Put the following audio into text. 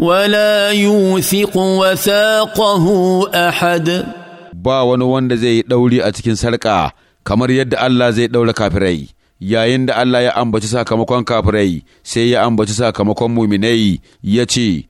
ولا يوثق وثاقه أحد ba wani wanda zai yi ɗauri a cikin sarka kamar yadda Allah zai ɗaura kafirai yayin da Allah ya ambaci sakamakon kafirai sai ya ambaci sakamakon muminai ya ce